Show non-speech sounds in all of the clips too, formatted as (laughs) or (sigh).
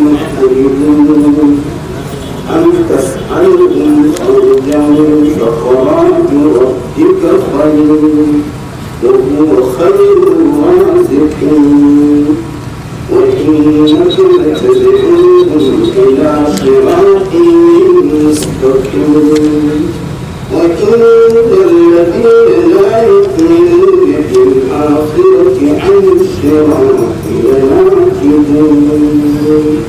حميد أم تسألهم خرجا فخراج ربك خير وهو خير الرازقين وإنك لتدعوهم إلى صراط مستقيم وإن الذين لا يؤمنون بالآخرة عن الصراط لناكبون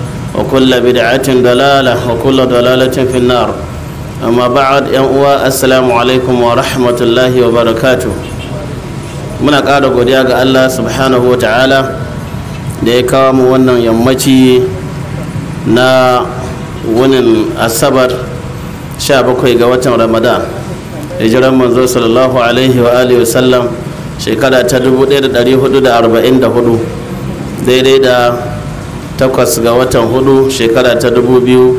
وكل بدعة ضلالة وكل ضلالة في النار أما بعد يا السلام عليكم ورحمة الله وبركاته muna ƙara godiya ga Allah subhanahu wa ta'ala da ya kawo mu wannan yammaci na wunin asabar 17 ga watan ramadan hijiran manzo sallallahu alaihi wa alihi wasallam shekara ta 1444 daidai da takwas ga watan hudu shekara ta dubu biyu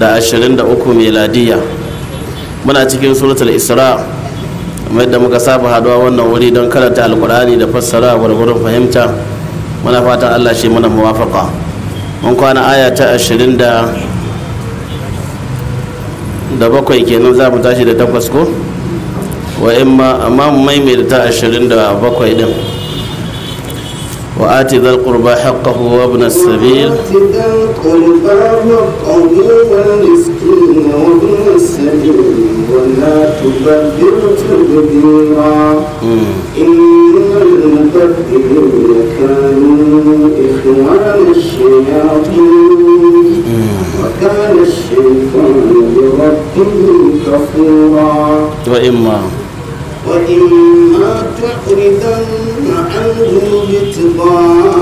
da ashirin da uku meladiya muna cikin suratul isra kamar yadda muka saba haduwa wannan wuri don karanta alkur'ani da fassara gwargwaron fahimta muna fatan allah shi mana muwafaka mun kwana aya ta ashirin da da bakwai kenan za mu tashi da takwas ko wa imma amma mu maimaita ta ashirin da bakwai din وآت ذا القربى حقه وابن السبيل وآت ذا القربى حقه وابن السبيل ولا تبذر تبذيرا إن المبذرين كانوا إخوان الشياطين وكان الشيطان لربه كفورا وإما وإما تعرضن كانوا اتباع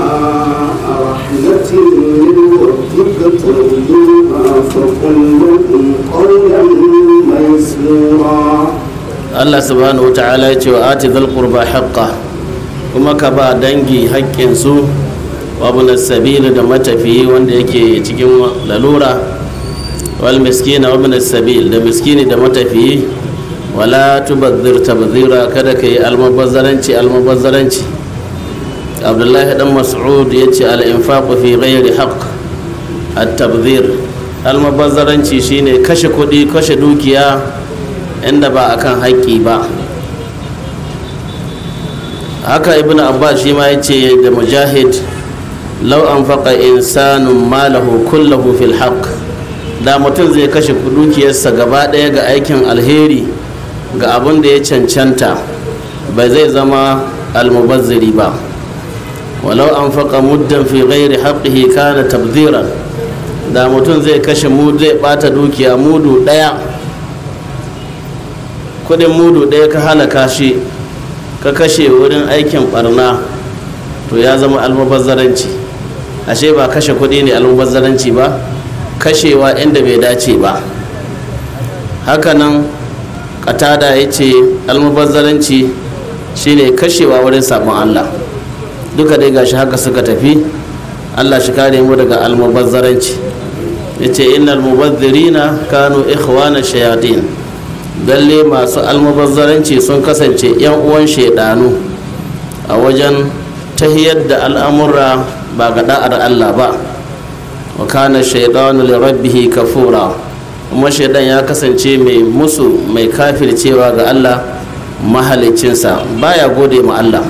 رحمة من ربك ترجوها فقل لهم قولا ميسورا Allah subhanahu wa ta'ala ya ce wa ati zal qurba haqqa kuma ka ba dangi haƙƙin su wa bin sabili da matafiyi wanda yake cikin lalura wal miskina wa bin sabil da miskini da matafiyi wala tubazzir tabzira kada ka yi almabazzaranci almubazzaranci abdullahi dan mas'ud ya ce al'infaku fi ghairi haqq at-tabdhir almabazzaranci shine kashe kuɗi kashe dukiya inda ba kan haƙƙi ba haka ibn abbas shi ma ya ce da mujahid law anfaqa insanun malahu kullahu fil haqq da mutum zai kashe dukiyarsa gaba ɗaya ga aikin alheri ga abin da ya cancanta ba zai zama almubazziri ba walau an faƙa muddan fi ghairi haƙihi kana tabzira da mutum zai kashe mudu zai ɓata dukiya mudu ɗaya kudin mudu ɗaya ka halaka shi ka kashe wurin aikin ɓarna to ya zama almubazzaranci ashe ba kashe kudi ne almubazzaranci ba kashewa inda bai dace ba hakanan katada ya ce almubazzaranci shine kashewa wurin sabon allah duka dai gashi haka suka tafi allah shi kare mu daga almubazzaranci ya ce innal mubazzirina kanu ikhwana shayatin dalle masu almubazzaranci sun kasance yan uwan shaidanu a wajen tahiyar da al'amura ba ga da'ar allah ba wa kana shaidanu li rabbihi kafura kuma shaidan ya kasance mai musu mai kafircewa ga allah mahalicinsa baya gode ma allah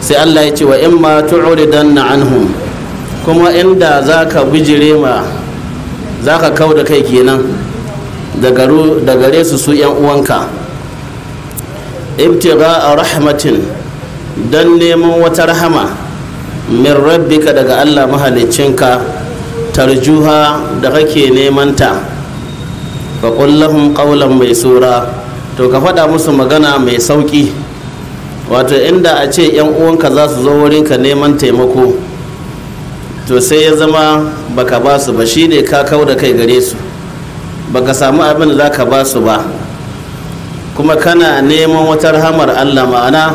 sai Allah ya ce wa in ma tu'ridanna anhum kuma inda zaka bijire ma zaka da kai kenan da gare su su yan uwanka ibtiga rahmatin dan neman wata rahama min rabbika daga Allah ka tarjuha da kake nemanta fa lahum qawlan mai to ka faɗa musu magana mai sauƙi wato inda a ce yan uwanka za su zo wurinka neman taimako to sai ya zama baka ba su ba shi ne ka kau da kai gare su baka samu abin da za ka ba su ba kuma kana neman wata rahamar allah ma'ana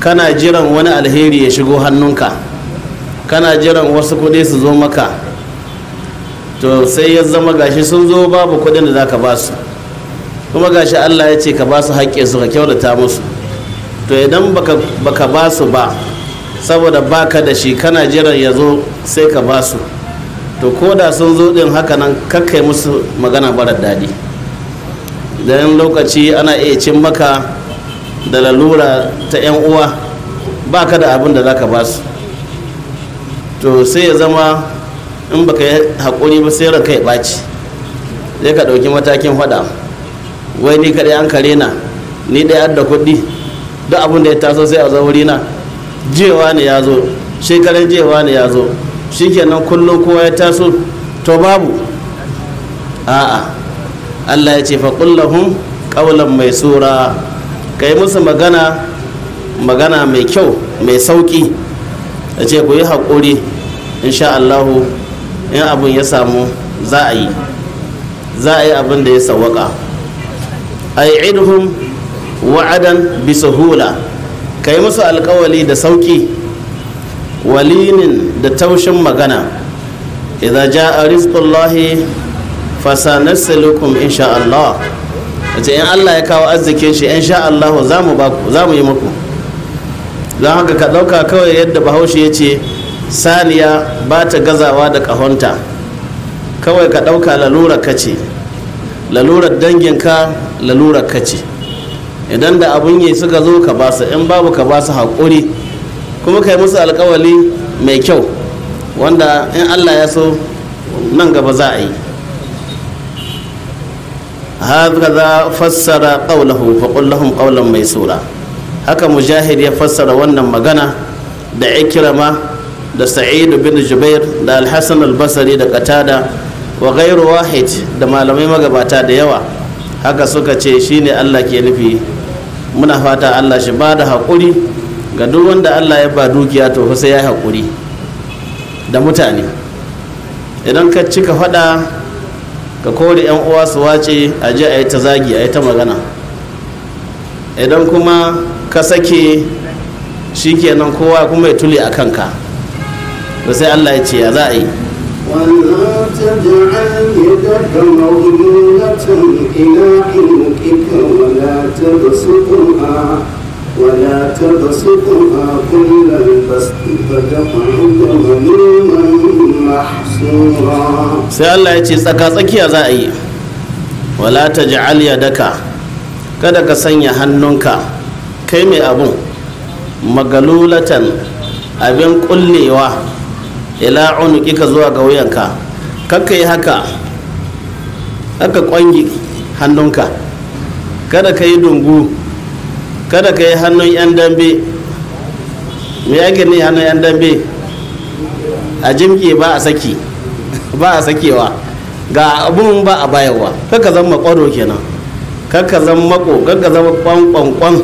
kana jiran wani alheri ya shigo hannunka kana jiran wasu kuɗi su zo maka to sai ya zama gashi sun zo babu kuɗin da za ka ba su kuma gashi allah ya ce ka ba su haƙƙinsu ka kyautata musu to idan baka ba su ba saboda baka da shi kana jiran ya zo sai ka ba su to ko da sun zo din haka nan kakkai musu magana barar daɗi don lokaci ana iya cin maka da lalura ta 'yan uwa baka da abin da za ka ba su to sai ya zama in baka yi haƙuri ba sai ranka ya ɓaci zai ka ɗauki matakin faɗa wai ni kaɗai an kare na ni ɗaya da kuɗi duk abin da ya taso sai a zo wuri na jewa ne ya zo shekaran jewa ne ya zo shikenan kullum kowa ya taso to babu a'a Allah ya ce fa kullahun kawulan mai sura yi musu magana magana mai kyau mai sauki ya ce ku yi haƙuri insha Allahu in abin ya samu za a yi za a yi abin da ya sawaka yi idhum wa'adan bisahula ka yi musu alkawali da sauki walinin da taushin magana idza jaa rizqullahi fasanarsilukum insha Allah ce in Allah ya kawo arzikin shi insha Allah za mu ba za mu yi muku don haka ka ɗauka kawai yadda bahaushe ya ce saniya ba ta gazawa da kahonta kawai ka ɗauka lalura ka ce lalurar danginka lalurar ka ce idan da abun yi suka zo ka ba su in babu ka ba su haƙuri kuma kai musu alƙawali mai kyau wanda in allah ya so nan gaba za a yi za fassara qawlahu fa qul mai sura haka mujahid ya fassara wannan magana da ikrama da sa'idu bin jubair da alhassan albasari da katada wa gairu wahid da malamai magabata da yawa haka suka ce shine Allah ke nufi muna fata allah shi ba da haƙuri ga duk wanda allah ya ba dukiya to sai ya yi haƙuri da mutane idan ka cika faɗa ka kore yan uwa su wace a ji a yi ta zagi a yi ta magana idan kuma ka sake shi kenan kowa kuma ya tuli a kanka sai allah ya ce ya za a yi تجعل يدك إلى ولا تبسطها ولا تبسطها كل البسط فتقعد محصورا sai Allah ya ce tsaka tsakiya za a yi wala ta ji'al daka? kada ka sanya hannunka kai mai abun magalulatan abin kullewa ila unuki ka zuwa ga wuyanka kakka yi haka aka kwangi hannunka kada ka yi dungu kada ka yi hannun 'yan dambe mai yake ne hannun 'yan dambe a jimki ba a saki ba a sakewa ga abun ba a bayarwa kakka zan makwaro kenan kakka zan mako kaka zan kwankwankwan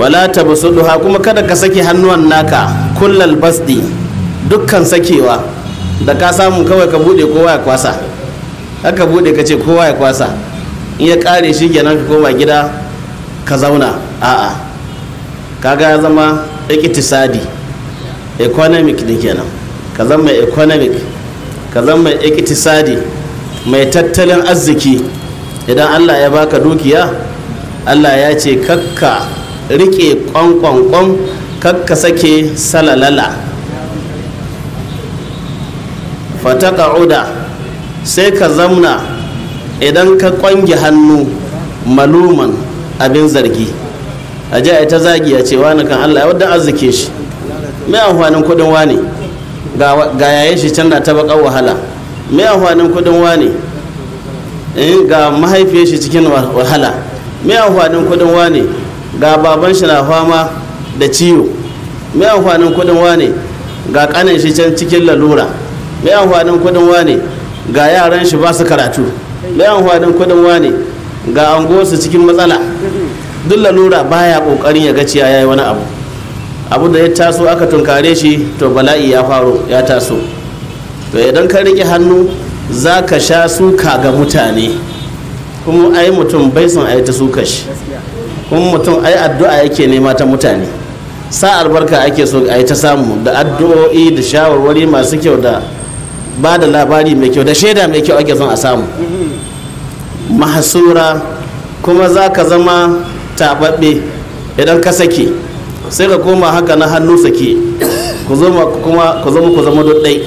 wala ta basu kuma kada ka saki hannuwan naka kullal basdi dukkan sakewa da ka samu kawai ka bude kowa ya kwasa haka bude ka ce kowa ya kwasa in ya kare shi kenan ka koma gida ka zauna a'a kaga ya zama ikitisadi economic din kenan ka zama economic ka zama ikitisadi mai tattalin arziki idan allah ya baka dukiya allah ya ce kakka rike kwankwankwan kakka sake salalala fataqa'uda sai ka zamna idan ka kwangi hannu maluman abin zargi a ji ita ta zagi ya ce wani kan Allah ya wadda arzike shi mai amfanin kudin wani ga yayin shi can na ta bakar wahala mai amfanin kudin wani eh, ga mahaifiyar shi cikin wahala mai amfanin kudin wani ga baban shi na fama da ciwo mai amfanin kudin wani ga kanin shi can cikin lalura mai amfanin kudin wane ga yaran shi ba su karatu mai amfanin kudin wane ga unguwarsu cikin matsala duk lalura baya kokarin ya gaci ya yi wani abu abu da ya taso aka tunkare shi to bala'i ya faro ya taso to idan ka rike hannu za ka sha suka ga mutane kuma ai mutum bai son ai ta suka shi kuma mutum ai addu'a yake nema ta mutane sa albarka ake so ai ta samu da addu'o'i da shawarwari masu kyau da ba da labari mai kyau da shaida mai kyau ake zan a samu mahasura kuma za ka zama tababbe idan ka sake sai ka koma haka na hannu sake ku zama kuma ku zama ku zama duɗɗai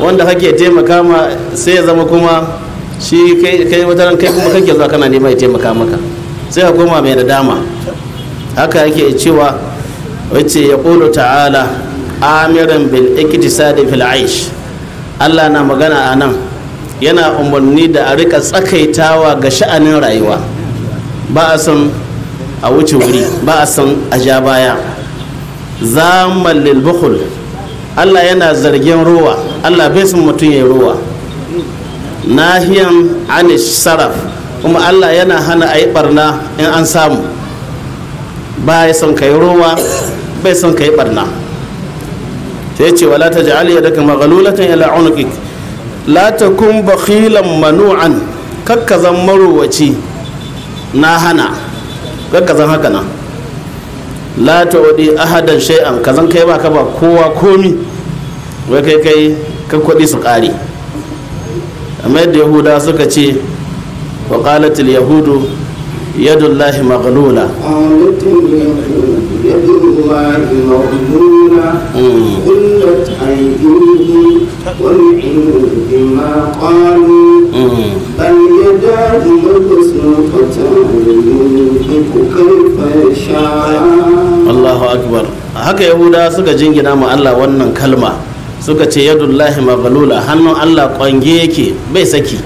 wanda hake taimaka ma sai ya zama kuma shi kai wata kai kuma kake zuwa kana nema ya taimaka maka sai ka koma mai nadama haka yake cewa wacce ya ta'ala amiran bil iktisadi fil aish allah na magana a nan yana umarni da a rika tsakaitawa ga sha'anin rayuwa ba a son a wuce wuri ba a son a ja baya zaman lilbukul allah yana zargin ruwa allah bai son mutum ya ruwa nahiyan anish saraf kuma allah yana hana a yi barna in an samu ba ya son ka yi ruwa bai son ka yi barna sai ce wala ta ya daga maghlulatan ila unuqik la takun bakhilan manu'an kakkazan marowaci na hana kakkazan haka na la ta'udi ahadan shay'an kazan kai baka ba kowa komi wai kai kai ka kwadi su kare amma yadda yahuda suka ce wa qalatil yahudu yadullahi maghlula يدل ما قلت أيديهم ولعنوا بما قالوا بل يداه مبسوطتان ينفق كيف يشاء الله أكبر haka yahuda suka jingina ma Allah wannan kalma suka ce yadullahi maghlula hannun Allah kwange yake bai saki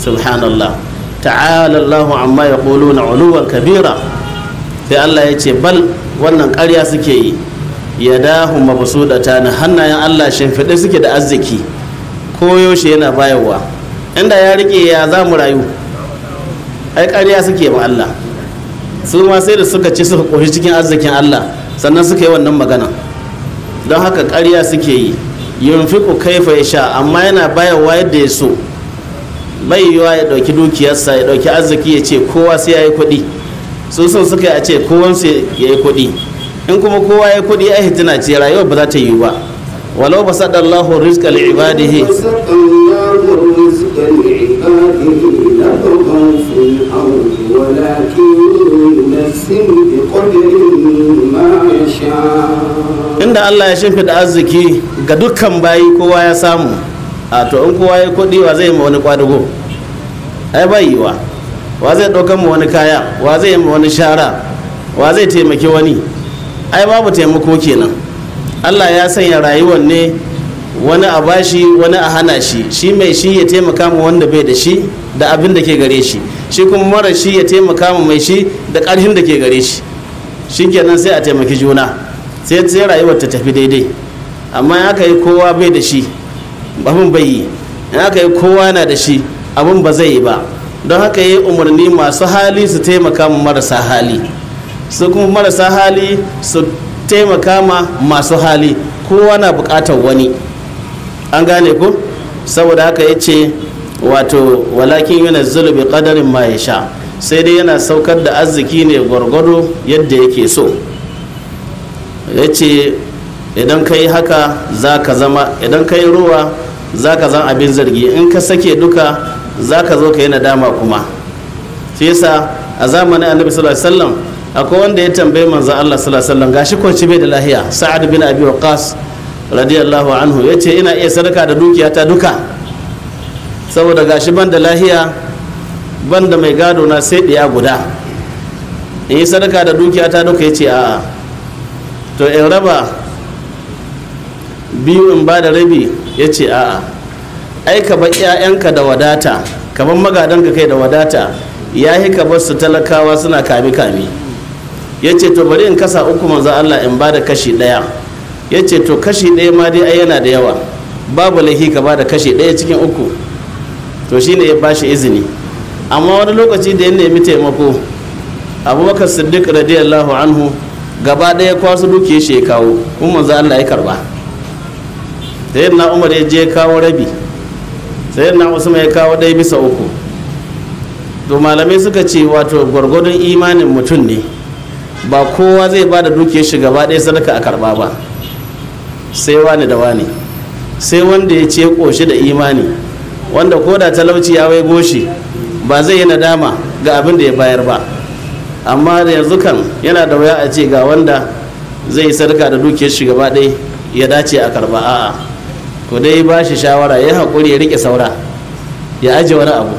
subhanallah ta'ala Allahu amma yaquluna uluwan kabira sai Allah ya ce bal wannan karya suke yi ya dahu da tani hannayen Allah shimfiɗe suke da arziki koyaushe yana bayarwa inda ya rike ya za mu rayu ai ƙarya suke ma Allah su ma sai da suka ci suka ƙoshi cikin arzikin Allah sannan suka yi wannan magana don haka karya suke yi yunfiku kaifa ya sha amma yana bayarwa yadda ya so bai yiwa ya ɗauki dukiyarsa ya ɗauki arziki ya ce kowa sai ya yi kuɗi su so suka a ce kowansu ya yi kuɗi in kuma kowa ya yi kuɗi a hitina ce rayuwar ba za ta yiwu ba walau ba saɗa Allahu rizqa li ibadihi inda Allah ya da arziki ga dukkan bayi kowa ya samu a to in kowa ya kuɗi wa zai ma wani kwadugo ai bai yiwa wa zai ɗaukan mu wani kaya wa zai yi wani shara wa zai taimaki wani ai babu taimako kenan allah ya sanya rayuwar ne wani a bashi wani a hana shi shi mai shi ya taimaka mu wanda bai da shi da abin da ke gare shi shi kuma mara shi ya taimaka mu mai shi da ƙarfin da ke gare shi shi kenan sai a taimaki juna sai sai rayuwar ta tafi daidai amma in aka yi kowa bai da shi abin bai yi in aka yi kowa na da shi abin ba zai yi ba don haka yi umarni masu hali su taimaka ma marasa hali su kuma marasa hali su taimaka ma masu hali kowa na bukatar wani an gane ku saboda haka ya ce wato walakin yana zulubi kadarin ma ya sha sai dai yana saukar da arziki ne gwargwado yadda yake so ya ce idan ka yi haka za ka zama idan ka yi ruwa za ka zan abin zargi in ka sake duka za ka zo ka yi nadama kuma shi yasa a zamanin annabi sallallahu alaihi wasallam akwai wanda ya tambaye manzo Allah sallallahu alaihi wasallam gashi kwanci bai da lahiya sa'ad bin abi waqas radiyallahu anhu yace ina iya sadaka da dukiya ta duka saboda gashi ban da lahiya ban da mai gado na sai ɗaya guda in yi sadaka da dukiya ta duka yace a'a to in raba biyu in ba da rabi yace a'a ai ka 'ya'yanka da wadata kamar magadanka kai da wadata ya yi ka su talakawa suna kami kami ya ce to bari in kasa uku manzo Allah in ba da kashi ɗaya ya ce to kashi ɗaya ma dai ai yana da yawa babu lahi ka ba da kashi ɗaya cikin uku to shine ya bashi izini amma wani lokaci da ya nemi taimako abubakar siddiq radiyallahu anhu gaba ɗaya kwasu dukiyar shi ya kawo kuma manzo Allah ya karba da yadda umar ya je kawo rabi sai na usman ya kawo ɗaya bisa uku to malamai suka ce wato gwargwadon imanin mutum ne ba kowa zai ba da dukiyar shi gaba ɗaya sadaka a karɓa ba sai wani da wani sai wanda ya ce ƙoshi da imani wanda ko da talauci ya wai goshi ba zai yi nadama ga abin da ya bayar ba amma da yanzu kan yana da waya a ce ga wanda zai yi sadaka da dukiyar shi gaba ɗaya ya dace a karba a'a to dai ba shi shawara ya haƙuri ya rike saura ya aje wani abu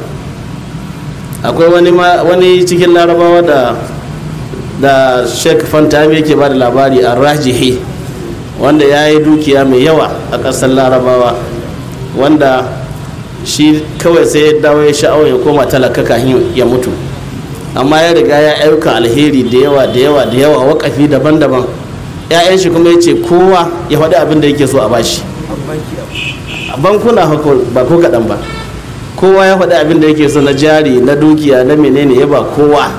akwai wani cikin larabawa da da sheik fantami yake ba da labari a rajihi wanda ya yi dukiya mai yawa a ƙasar larabawa wanda shi kawai sai ya dawo ya sha'awar ya koma talaka kahin ya mutu amma ya riga ya ayyuka alheri da yawa da yawa da yawa wakafi daban-daban 'ya'yan shi kuma ya ce kowa ya faɗi abin da yake so a bashi A bankuna haka ba ko kaɗan ba kowa ya faɗi abin da yake so na jari na dukiya na menene ya ba kowa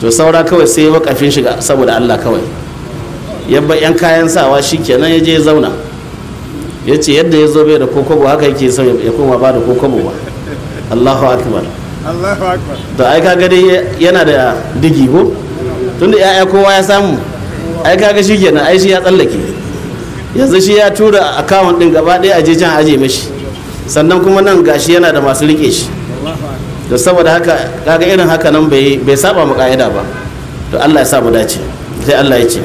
to saura kawai sai ya wakafin shiga saboda allah kawai yabba yan kayan sawa shi kenan ya je ya zauna ya ce yadda ya zo bai da kokobo haka yake son ya koma ba da kokobo ba allahu akbar da ai kaga yana da digi ko tunda ya'ya kowa ya samu ai kaga shi kenan ai shi ya tsallake yanzu shi ya tura account din gaba ɗaya a jejen aje mashi sannan kuma nan gashi yana da masu rike shi da saboda haka kaga irin haka nan bai saba mu ka'ida ba to Allah ya sa mu dace sai Allah ya ce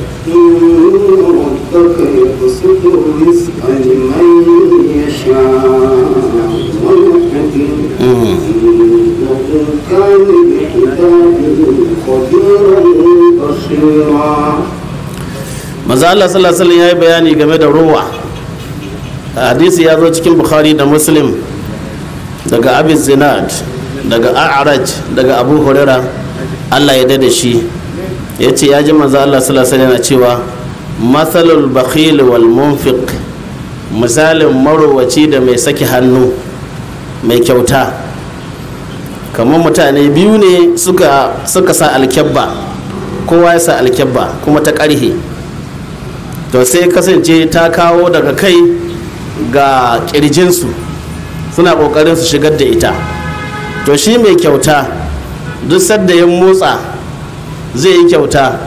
كان بحبابه خبيرا maza Allah sallallahu alaihi ya yi bayani game da ruwa hadisi ya zo cikin bukhari da muslim daga abin zinad daga a'raj daga abu hurera Allah ya da shi ya ce ya ji maza Allah sallallahu alaihi cewa matsalul bakhil wal munfiq misalin marowaci da mai saki hannu mai kyauta kamar mutane biyu ne suka sa alkyabba kowa ya sa alkyabba kuma ta ƙarhe to sai kasance ta kawo daga kai ga kirjinsu suna kokarin su shigar da ita to shi mai kyauta duk sadda ya motsa zai yi kyauta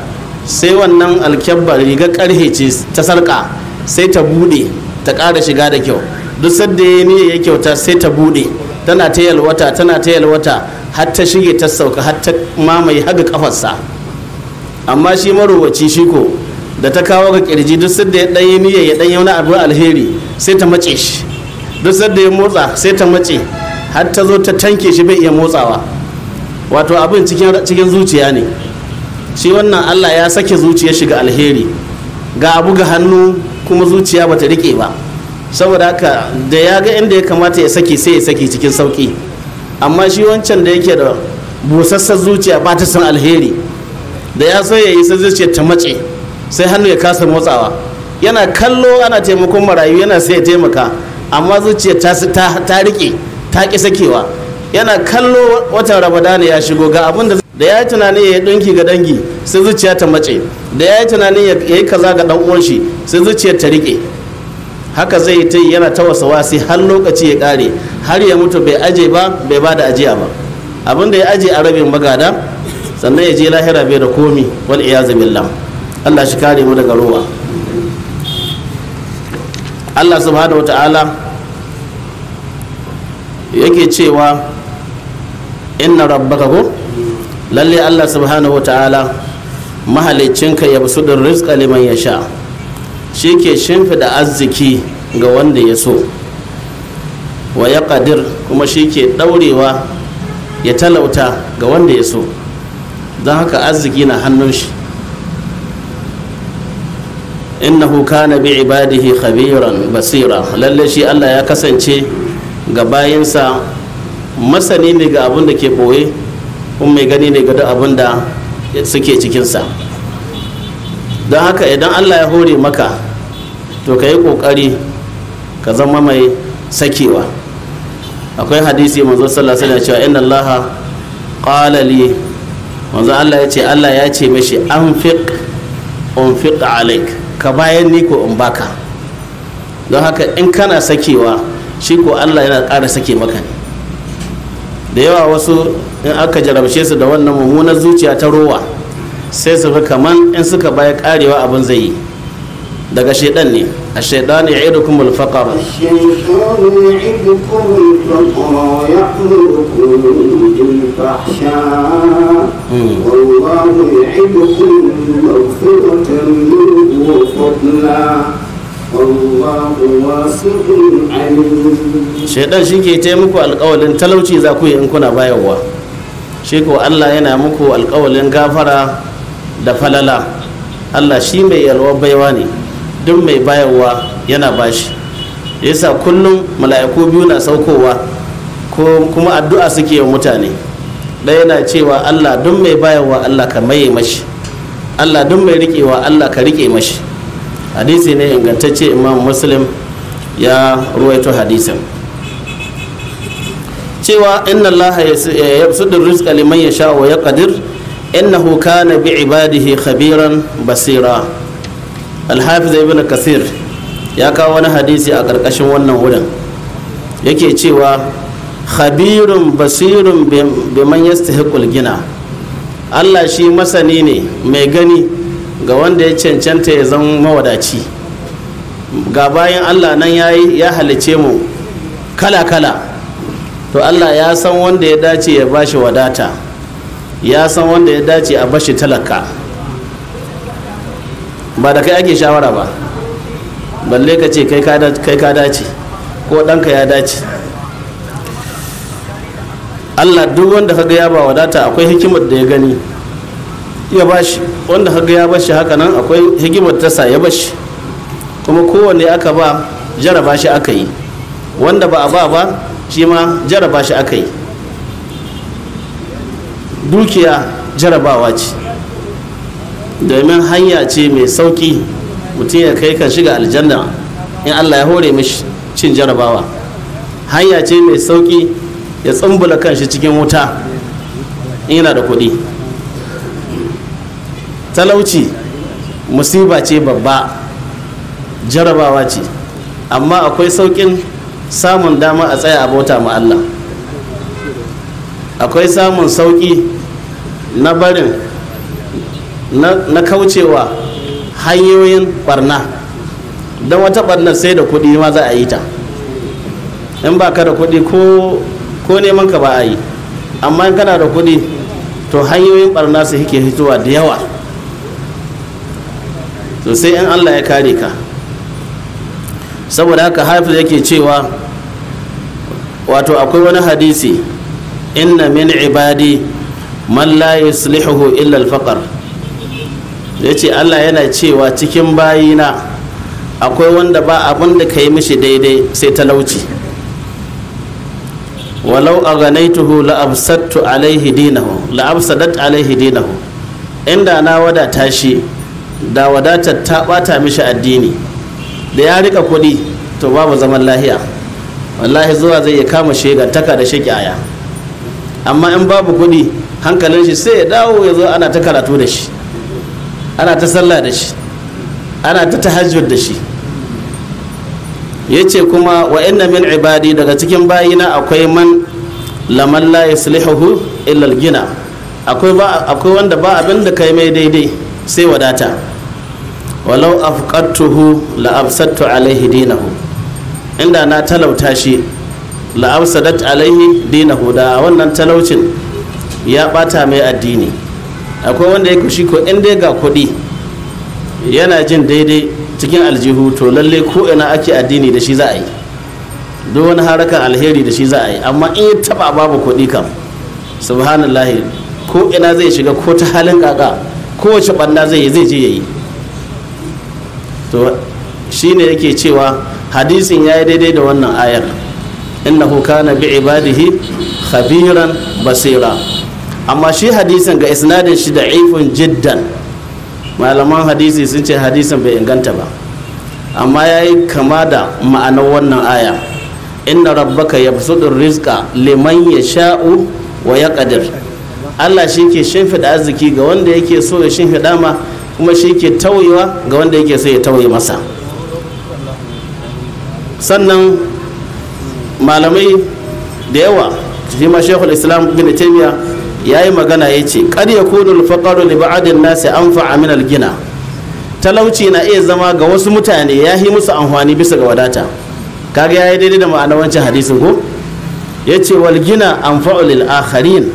sai wannan alkyabba riga karhe ce ta sarka sai ta bude ta ƙara shiga da kyau duk sadda ya yi ya kyauta sai ta bude tana ta yalwata tana ta yalwata har ta shige ta sauka har ta mamaye haga kafarsa amma shi marowaci shi ko da ta kawo ga kirji duk da ya ɗanyi niyyar ya ɗanyi wani abu alheri sai ta mace shi duk da ya motsa sai ta mace har ta zo ta tanke shi bai iya motsawa wato abin cikin zuciya ne shi wannan allah ya sake zuciya shiga alheri ga abu ga hannu kuma zuciya bata rike ba saboda haka da ya ga inda ya kamata ya sake sai ya sake cikin sauki amma shi wancan da yake da busassar zuciya ba ta san alheri da ya so ya yi sai zuciya ta mace sai hannu ya kasa motsawa yana kallo ana taimakon marayu yana sai ya taimaka amma zuciya ta rike ta ki sakewa yana kallo watan ramadana ya shigo ga abin da da ya yi tunanin ya yi ɗinki ga dangi sai zuciya ta mace da ya yi tunanin ya yi kaza ga dan uwan shi sai zuciya ta rike haka zai ta yana ta wasi har lokaci ya kare har ya mutu bai aje ba bai bada ajiya ba abin da ya aje a rabin magada sannan ya je lahira bai da komi wal iyazu billah Allah shi kare mu daga ruwa Allah subhanahu wata'ala yake cewa inna rabbaka ko lalle Allah subhanahu wata'ala mahalicinka ya basu da rizqa liman ya sha shi ke shimfida arziki ga wanda ya so wa ya kadir kuma shi ke daurewa ya talauta ga wanda ya so don haka arziki na hannun shi innahu kana bi ibadihi khabiran basira lalle shi Allah ya kasance ga bayinsa masani ne ga abin da ke boye kuma mai gani ne ga duk abin da suke cikinsa don haka idan Allah ya hore maka to ka yi ƙoƙari ka zama mai sakewa akwai hadisi manzo sallallahu alaihi cewa inna Allah qala li manzo Allah ya ce Allah ya ce mishi anfiq unfiq alaik ka bayan ni ko in baka don haka in kana sakewa shi ko allah yana ƙara sake maka ne da yawa wasu in aka jarabce su da wannan mummunar zuciya ta rowa sai su fi kaman in suka baya karewa abin zai yi daga shaidan ne الشيطان يعيدكم الفقر الشيطان يعيدكم الفقر ويأمركم بالفحشاء والله يعدكم مغفرة منه وفضلا shaidan shi ke ce muku alkawalin talauci za ku yi in kuna bayarwa shi ko allah yana muku alkawalin gafara da falala allah shi mai yalwar baiwa ne duk mai bayarwa yana bashi yasa kullum mala'iku biyu na saukowa kuma addu'a suke wa mutane ɗaya na cewa allah duk mai bayarwa allah ka maye mashi allah duk mai riƙewa allah ka riƙe mashi hadisi ne ingantacce imam muslim ya ruwaito hadisin cewa inna ya eh, yabsudur rizqa liman yasha wa yaqdir innahu kana bi ibadihi khabiran basira alhafiz ibn kasir ya kawo wani hadisi a ƙarƙashin wannan wurin yake cewa khabirun basirun biman yastahiqul gina Allah shi masani ne mai gani ga wanda ya cancanta ya zama mawadaci ga bayan Allah nan yayi ya halice mu kala-kala to Allah ya san wanda ya dace ya bashi wadata ya san wanda ya dace a bashi talaka ba da kai ake shawara ba balle ka ce kai ka dace ko ɗanka ya dace allah duk wanda ka ya ba wadata akwai hikimar da ya gani ya bashi wanda ka ya bashi haka nan akwai hikimar ta sa ya bashi kuma kowanne aka ba jaraba shi aka yi wanda ba a ba ba shi ma jaraba shi aka yi dukiya jarabawa ce domin hanya ce mai sauki mutum ya kai kan shiga aljanna in allah ya hore mishi cin jarabawa hanya ce mai sauki ya tsumbula shi cikin wuta in yana da kuɗi talauci musiba ce babba jarabawa ce amma akwai saukin samun dama a tsaya abota bauta ma allah akwai samun sauki na barin na kaucewa hanyoyin barna don wata barnar sai da kuɗi ma za a yi ta in ba ka da kuɗi ko neman ka ba a yi amma in kana da kuɗi to hanyoyin barna su hike hitowa da yawa to sai in allah ya kare ka saboda haka haifu yake cewa wato akwai wani hadisi inna min ibadi man la yuslihuhu illa al-faqr ya ce allah yana cewa cikin bayina akwai wanda ba abin da ka yi mishi daidai sai talauci walau a ganaituhu la'absattu alaihi dinahu la'absadat alaihi dinahu inda na wadata shi da wadatar ta bata mishi addini da ya rika kuɗi to babu zaman lahiya wallahi zuwa zai iya kama shegantaka da shaƙi'aya amma in babu kuɗi hankalin shi sai ya dawo ya zo ana ta karatu da shi ana ta sallah da shi ana ta tahajjud da shi ya kuma wa inna min ibadi daga cikin bayina akwai man laman la yaslihuhu illal gina akwai wanda ba abin da kai mai daidai sai wadata walau afqattuhu la absattu alaihi dinahu inda na talauta shi la absadat alaihi dinahu da wannan talaucin ya bata mai addini akwai wanda ya kushi ko in dai ga kuɗi yana jin daidai cikin aljihu to lalle ko ina ake addini da shi za a yi duk wani harakan alheri da shi za a yi amma in ya taba babu kuɗi kam subhanallah ko ina zai shiga ko ta halin kaka ko kowace banda zai yi zai je ya yi to shine yake cewa hadisin ya yi daidai da wannan ayar innahu kana bi ibadihi khabiran basira amma shi hadisin ga isnadin shi da ifin jiddan malaman hadisi sun ce hadisin bai inganta ba amma ya yi kama da ma'anar wannan aya inna rabbaka ya fi rizqa liman ya sha'u wa ya ƙadir. allah shi ke shimfiɗa arziki ga wanda yake so ya shimfiɗa ma kuma shi ke tauyewa ga wanda yake so ya tauye masa sannan malamai da yawa shi ma shekul islam bin taimiyya Ya yi magana ya ce kar ya kunu alfaqaru li ba'adin nasi an anfa'a min algina talauci na iya zama ga wasu mutane ya yi musu amfani bisa ga wadata kaga yi daidai da ma'ana wancan hadisin ko ya ce walgina an lil akharin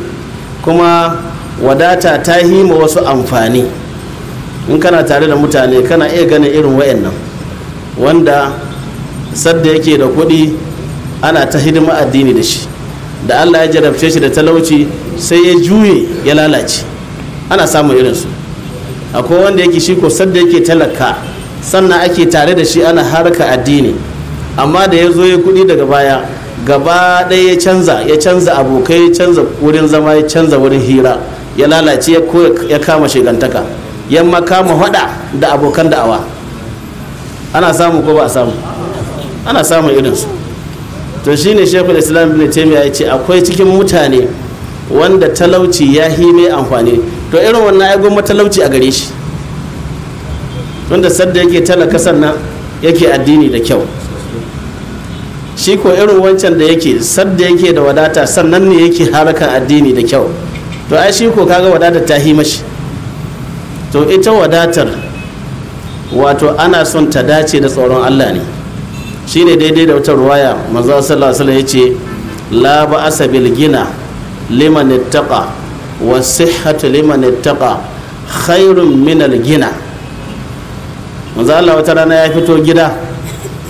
kuma wadata ta yi ma wasu amfani in kana tare da mutane kana iya ganin irin wayannan wanda sadda yake da kuɗi ana ta hidima addini da shi da allah ya jarabce shi da talauci sai ya juye ya lalace ana samun irinsu akwai wanda yake shi ko sadda yake talaka sannan ake tare da shi ana harka addini amma da ya zo ya kudi daga baya gaba ɗaya ya canza ya canza abokai ya canza wurin zama ya canza wurin hira ya lalace ya kama shigantaka yamma kama hada da abokan da'awa ana samu ko ba a samu ana samun irinsu to shi ne shekul islam bin taimiya ya ce akwai cikin mutane wanda talauci ya hi mai amfani to irin wannan ai gwamma talauci a gare shi wanda sadda yake kasar sannan yake addini da kyau shi ko irin wancan da yake sadda yake da wadata sannan ne yake harakan addini da kyau to ai shi ko kaga wadata ta hi mashi to ita wadatar wato ana son ta dace da tsoron allah ne shine daidai da wata ruwaya manzo sallallahu alaihi ya ce la ba'asa bil gina liman ittaqa wa sihhatu liman ittaqa khairun min gina manzo Allah wata rana ya fito gida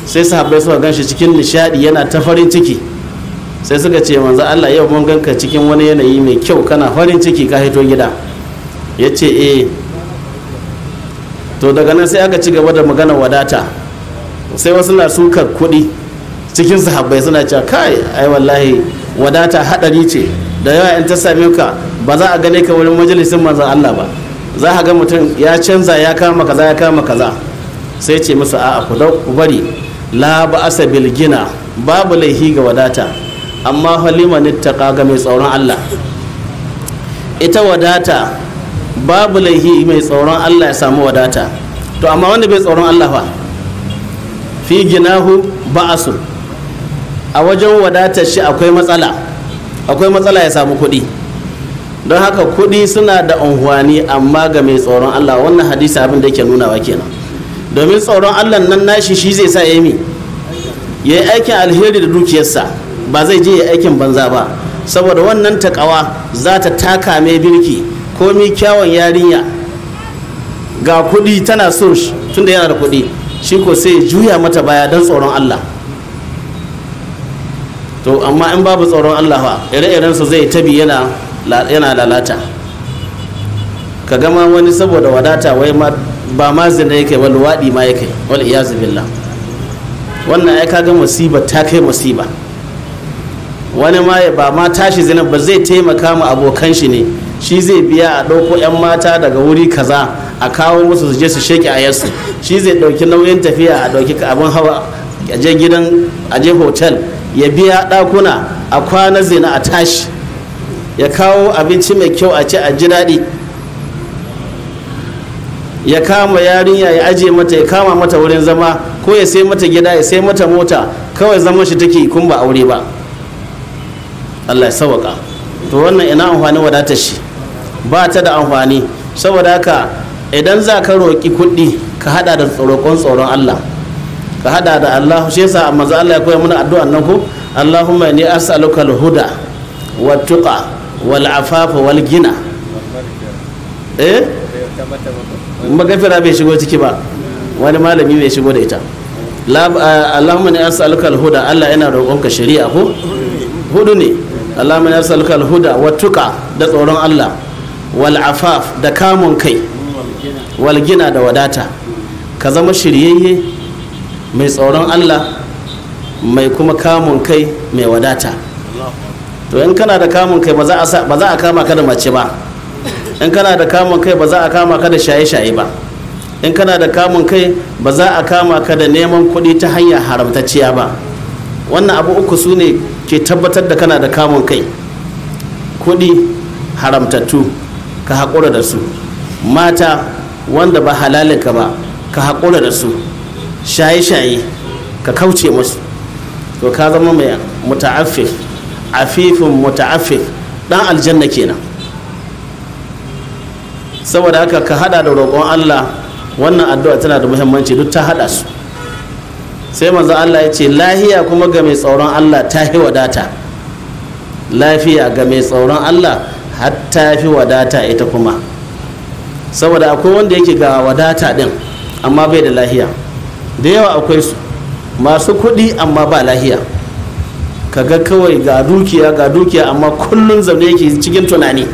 sai sahabbai suka ganshi cikin nishadi yana ta farin ciki sai suka ce manzo Allah yau mun ganka cikin wani yanayi mai kyau kana farin ciki ka fito gida yace eh to daga nan sai aka ci gaba da magana wadata sai wasu na sukar kuɗi cikin sahabbai suna cewa kai ai wallahi wadata hadari ce da yawa in ta same ka ba za a gane ka wurin majalisin manzon Allah ba za a ga mutum ya canza ya kama kaza ya kama kaza sai ce musu a'a ku bari la ba'asa bil gina babu laihi ga wadata amma halima ta ga mai tsoron Allah ita wadata babu laihi mai tsoron Allah ya samu wadata to amma wanda bai tsoron Allah fa fi ginahu ba'asu a wajen wadatar shi akwai matsala akwai matsala ya samu kuɗi don haka kuɗi suna da unhuwani amma ga mai tsoron Allah wannan hadisi abin da yake nunawa kenan domin tsoron Allah nan nashi shi zai sa ya yi ya yi aikin alheri da dukiyarsa ba zai je ya aikin banza ba saboda wannan takawa za ta taka mai birki komi kyawun yarinya ga kuɗi tana son shi da yana da kuɗi shi ko sai juya mata baya don tsoron Allah to amma in babu tsoron Allah ba ire-irensu zai tabi yana yana lalata ka gama wani saboda wadata wai ba ma zina yake ba luwaɗi ma yake wal iyazu billah wannan ai kaga musiba ta kai musiba wani ma ba ma tashi zina ba zai taimaka ma abokan shi ne shi zai biya a ɗauko 'yan mata daga wuri kaza a kawo musu su je su sheke a yasu shi zai ɗauki nauyin tafiya a ɗauki abin hawa a je gidan a je hotel ya biya ɗakuna a kwana zina a tashi ya kawo abinci mai kyau a ci a ji daɗi ya kama yarinya ya ajiye mata ya kama mata wurin zama ko ya sai mata gida ya sai mata mota kawai zaman shi take kun ba aure ba allah ya sawaka to wannan ina amfani wadatar shi ba ta da amfani saboda haka idan za ka roƙi kuɗi ka hada da roƙon tsoron Allah ka hada da Allah shi yasa manzo Allah ya koya mana addu'an nan ko Allahumma inni as'aluka al-huda wa tuqa wal afafa wal gina eh magafira bai shigo ciki ba wani malami bai shigo da ita eh, Allahumma inni as'aluka al-huda Allah yana roƙonka shari'a ko hudu ne Allahumma inni as'aluka al-huda wa tuqa da tsoron Allah wal'afaf da kamun kai walgina da wadata ka zama shiryayye mai tsoron allah mai kuma kamun kai mai wadata to in kana da kamun kai ba za a kama ka da mace ba in kana da kamun kai ba za a kama ka da shaye-shaye ba in kana da kamun kai ba za a kama ka da neman kuɗi ta hanyar haramtacciya ba wannan abu uku su ne ke tabbatar da kana da kamun kai kuɗi haramtattu ka haƙura da su mata wanda ba halalinka ba ka haƙura da su shaye-shaye ka kauce musu to ka zama mai muta'affif afifin muta'affif dan aljanna kenan saboda haka ka hada da roƙon Allah wannan addu'a tana da muhimmanci duk ta hada su sai manzo Allah ya ce lahiya kuma ga mai tsoron Allah ta hi wadata lafiya ga mai tsoron Allah hatta fi wadata ita kuma saboda akwai wanda yake ga wadata din amma bai da lahiya da yawa akwai su masu kuɗi amma ba lahiya ka ga kawai ga dukiya ga dukiya amma kullum zaune yake cikin tunani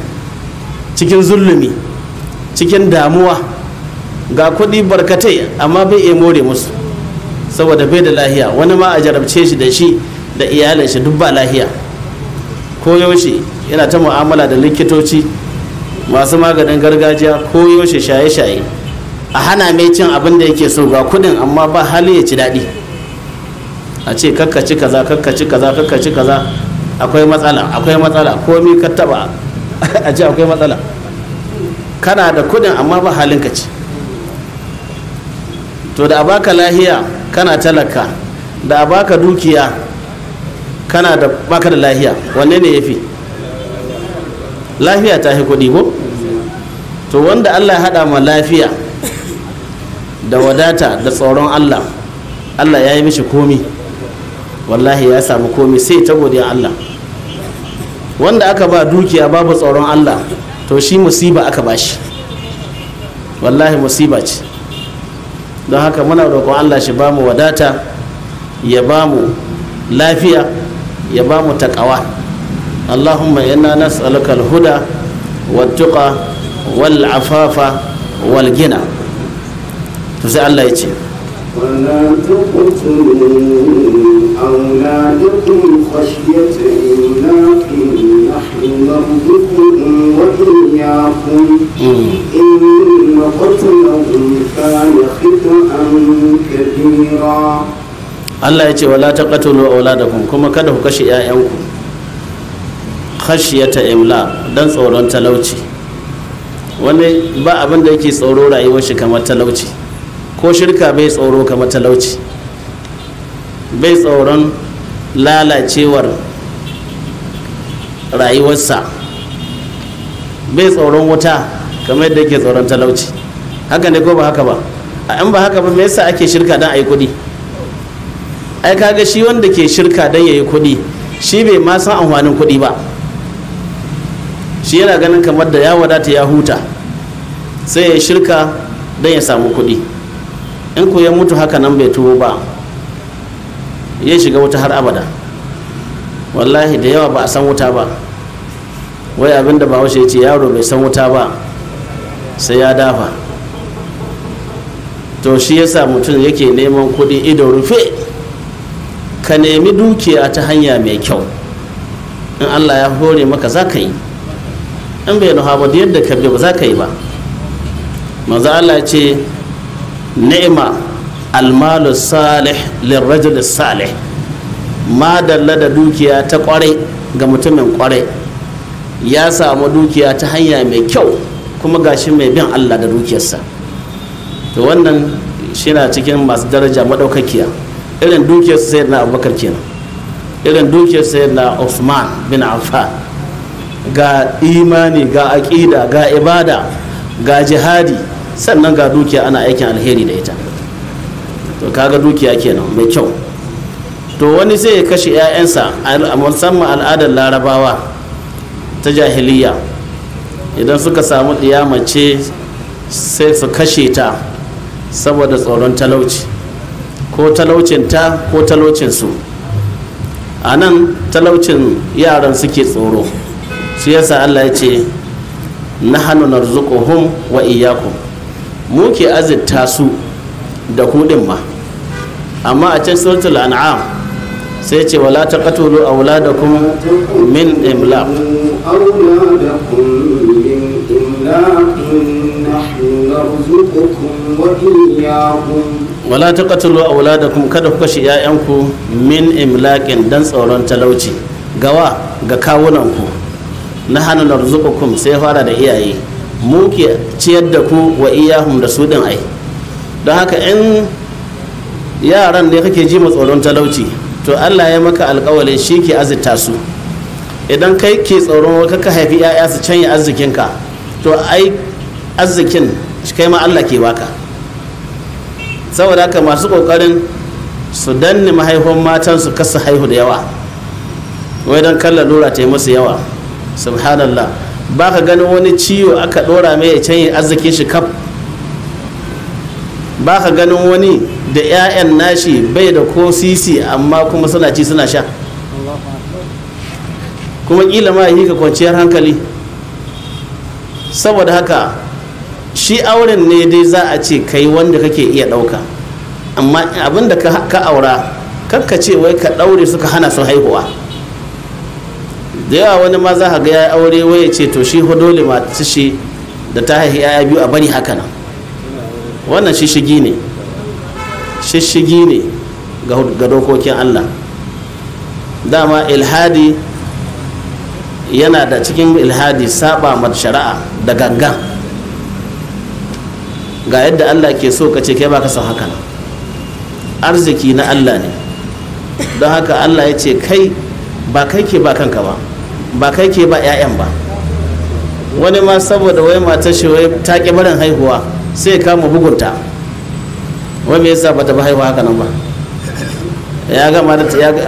cikin zulumi cikin damuwa ga kuɗi barkatai amma bai iya more musu saboda bai da lahiya wani ma a jarabce shi da shi da iyalin shi duk ba lahiya koyaushe yana ta mu'amala da likitoci masu maganin gargajiya koyaushe shaye-shaye a hana mai cin abin da yake so ga kudin amma ba hali ya ci daɗi a ce kakkaci kaza kakkaci kaza kakkaci kaza akwai matsala akwai matsala komi ka taba (laughs) a ce akwai matsala kana da kudin amma ba halin ka ci to da a baka lahiya kana talaka da a baka dukiya kana da baka da lahiya wanne ne yafi lafiya ta fi kuɗi ko to wanda allah ya haɗa ma lafiya da wadata da tsoron allah allah ya yi mishi komi wallahi ya samu komi sai ta godiya allah wanda aka ba dukiya babu tsoron allah to shi musiba aka ba shi wallahi musiba ce don haka muna roƙon allah shi ba mu wadata ya ba mu lafiya ya ba mu taqawa Allahumma inna nas'aluka huda wat-tuqa wal-afafa wal-ghina to sai Allah ya ce إن قتلهم كان خطأ كبيرا Allah ya ce wala da auladakum kuma kada ku kashe ƴaƴanku khashiyata imla don tsoron talauci wani ba abin da yake tsoro rayuwar shi kamar talauci ko shirka bai tsoro kamar talauci bai tsoron lalacewar rayuwarsa bai tsoron wuta kamar yadda yake tsoron talauci haka ne ko ba haka ba a ba haka ba me yasa ake shirka dan yi kuɗi ai kaga shi wanda ke shirka don ya yi kuɗi shi bai ma san amfanin kuɗi ba shi yana ganin kamar da ya wadata ya huta sai ya shirka don ya samu kuɗi in ku ya mutu haka nan bai tuwo ba ya shiga wuta har abada wallahi da yawa ba a san wuta ba wai abin da bahaushe ya ce yaro bai san wuta ba sai ya dafa to shi yasa mutum yake neman kuɗi ido rufe ka nemi dukiya ta hanya mai kyau in allah ya hore maka za ka yi in bai nuha ba yadda ka ba za ka yi ba maza allah ce ni'ima almalu salih lirrajul salih madalla da dukiya ta kwarai ga mutumin kwarai ya samu dukiya ta hanya mai kyau kuma gashi mai bin allah da dukiyarsa to wannan shi na cikin masu daraja maɗaukakiya irin dukiyar sayar na abubakar kenan irin dukiyar sayar na osman bin affan ga imani ga aƙida ga ibada ga jihadi sannan ga dukiya ana aikin alheri da ita to kaga dukiya kenan mai kyau to wani sai ya kashe 'ya'yansa a musamman al'adar larabawa ta jahiliya idan suka samu ɗiya mace sai su kashe ta saboda tsoron talauci ko talaucin ta, ko talaucinsu a nan talaucin yaran suke tsoro su yasa allah ya ce na hannu narzuquhum wa iyaku, mu ke su da kudin ma amma a can suratul an'am sai ce wala ta a da kuma min imlaq auladakum wala a wula da kuma kada ku kashe 'ya'yanku min imlaƙin dan tsoron talauci gawa ga kawunanku na hana narzuqukum sai fara da iyaye mu ke ciyar da ku wa da su din ai don haka in yaran ne kake ji tsoron talauci to Allah ya maka alkawalin shi ke azita su idan kai ke tsoron ka haifi 'ya'ya su canya arzikinka to ai arzikin kai ma Allah ke baka saboda haka masu kokarin su danne mahaifan matan su kasa haihu da yawa wai don kallon lura ta musu yawa subhanallah ba ka ganin wani ciwo aka dora mai canyi arzikin shi kaf ba ka ganin wani da 'ya'yan nashi bai da ko sisi amma kuma suna ci suna sha kuma kila ma yi ka kwanciyar hankali saboda haka shi auren ne dai za a ce kai wanda kake iya ɗauka amma abin da ka aura kakka ce wai ka ɗaure suka hana su haihuwa da yawa wani ma za ga ya aure ya ce to shi dole ta shi da ta haihi yaya biyu a bari haka nan wannan shishigi ne shishigi ne ga dokokin allah dama ilhadi yana da cikin ilhadi saba ma shari'a da gangan ga yadda Allah ke so ka ce kai baka son haka arziki na Allah ne don haka Allah ya ce kai ba kai ke ba kanka ba ba kai ke ba 'ya'yan ba wani ma saboda wai matar shi wai ta ƙi barin haihuwa sai kama bugunta wai me yasa bata ba haihuwa haka nan ba ya gama da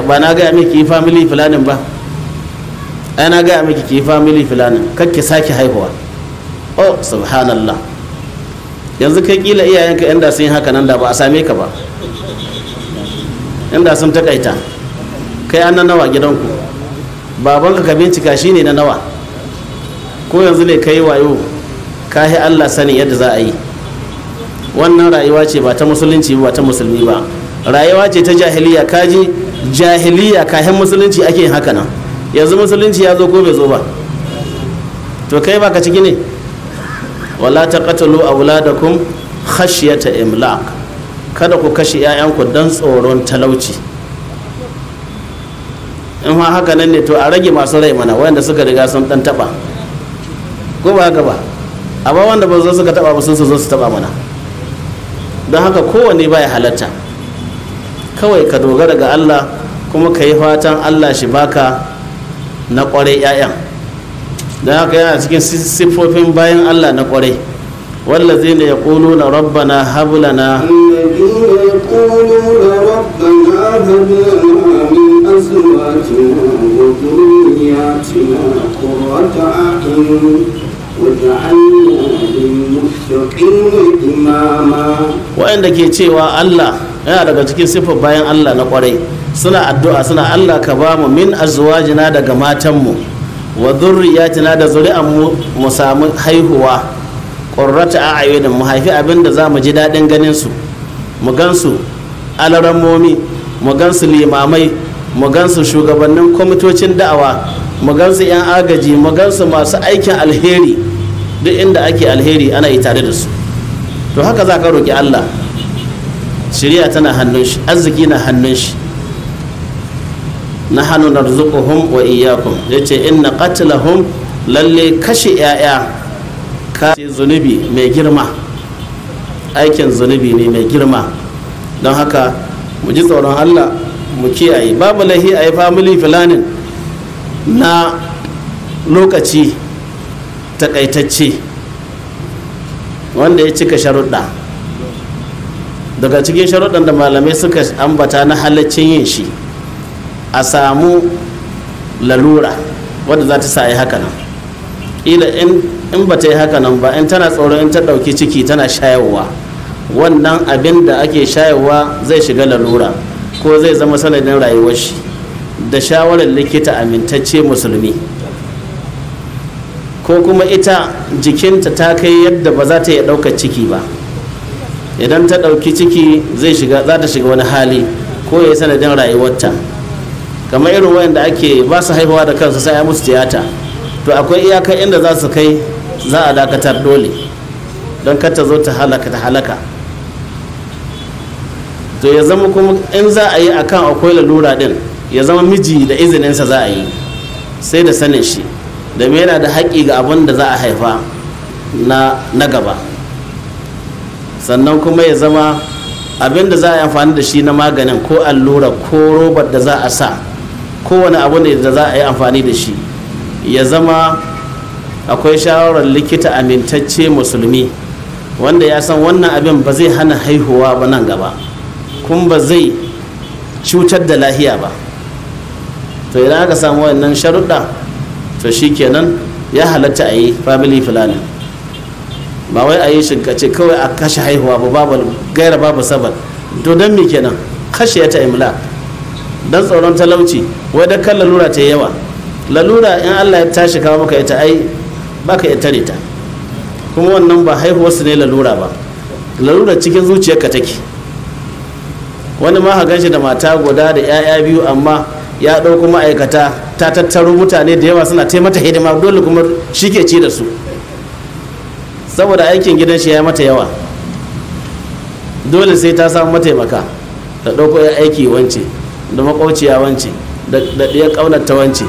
ba na gaya miki ki family planning ba ai na gaya miki ki family planning kakki sake haihuwa oh subhanallah yanzu kai kila iyayenka yan sun yi haka nan da ba a same ka ba yan sun takaita kai an na nawa gidanku babanka ka bincika shi ne na nawa ko yanzu ne kai wayo ka yi allah sani yadda za a yi wannan rayuwa ce ba ta musulunci ba ta musulmi ba rayuwa ce ta jahiliya kaji jahiliya kayan musulunci ake haka nan yanzu musulunci ya zo ko bai zo ba to kai baka ciki ne wala ta a wula da kun khashyata imlak kada ku kashe 'ya'yanku don tsoron talauci in ma haka nan ne to a rage masu rai mana wanda suka riga sun dan taba ko ba haka ba ba wanda ba zo suka taba ba sun zo su taba mana don haka kowanne baya halatta kawai ka dogara ga Allah kuma ka yi fatan Allah shi baka na kwarai 'ya'yan don haka yana cikin siffofin bayan allah na kwarai والذين zai ne ya kulu na يقولون ربنا هب لنا من ke cewa Allah yana daga cikin siffar bayan Allah na kwarai suna addu'a suna Allah ka ba mu min azwajina daga matanmu wa zurriyatina da zuri'an mu mu samu haihuwa qurrata a'yunin mu haifi abin da za mu ji daɗin ganin su mu gansu alarammomi mu gansu limamai mu gansu shugabannin kwamitocin da'awa mu gansu 'yan agaji mu gansu masu aikin alheri duk inda ake alheri ana yi tare da su to haka za ka roƙi allah shirya tana hannun shi arziki na hannun shi nahanu narzuquhum wa iyyakum yace inna qatlahum lalle kashe 'ya'ya ce zunubi mai girma aikin zunubi ne mai girma don haka mu ji tsoron allah mu kiyaye babu lahi a yi family planning na lokaci takaitacce wanda ya cika sharuɗa daga cikin sharuɗan da malamai suka ambata na halaccin yin shi a samu lalura wadda za ta sa yi haka nan ila in ba ta yi haka nan ba in tana tsoron in ta ɗauki ciki tana shayarwa wannan abin da ake shayarwa zai shiga lalura ko zai zama sanadin rayuwar shi da shawarar likita amintacce musulmi ko kuma ita jikinta ta kai yadda ba za ta iya ɗaukar ciki ba idan ta ɗauki ciki za ta shiga wani hali ko ya yi sanadin rayuwarta kamar irin wayanda ake ba su haifawa da kansu sai ya musu tiyata to akwai iyakar inda za su kai za a dakatar dole don kar zo ta halaka ta halaka to ya zama kuma in za a yi akan akwai lalura din ya zama miji da izininsa za a yi sai da sanin shi da yana da haƙƙi ga abin da za a haifa na gaba sannan kuma ya zama abin da za a yi amfani da shi na maganin ko allura ko robar da za a sa kowane abu ne da za a yi amfani da shi ya zama akwai shawarar likita amintacce musulmi wanda ya san wannan abin ba zai hana haihuwa ba nan gaba kuma ba zai cutar da lahiya ba to idan aka samu wannan sharuɗa to kenan ya halatta a yi family planning ba wai a yi shinkace kawai a kashe haihuwa ba babu gaira babu sabar to don me kenan kashe ya ta imla don tsoron talauci wai da kan lalura ta yawa lalura in allah ya tashi kawo maka ita ai baka ita tare ta kuma wannan ba haihuwarsu ne lalura ba lalura cikin zuciyarka take wani ma ha ganshi da mata guda da 'ya'ya biyu amma ya ɗauko ma'aikata ta tattaro mutane da yawa suna taimata hidima dole kuma shi ke ci da su saboda aikin gidan shi ya mata yawa dole sai ta samu mataimaka da ɗauko aiki wance da makwauciya wance da ɗaya ƙaunar ta wance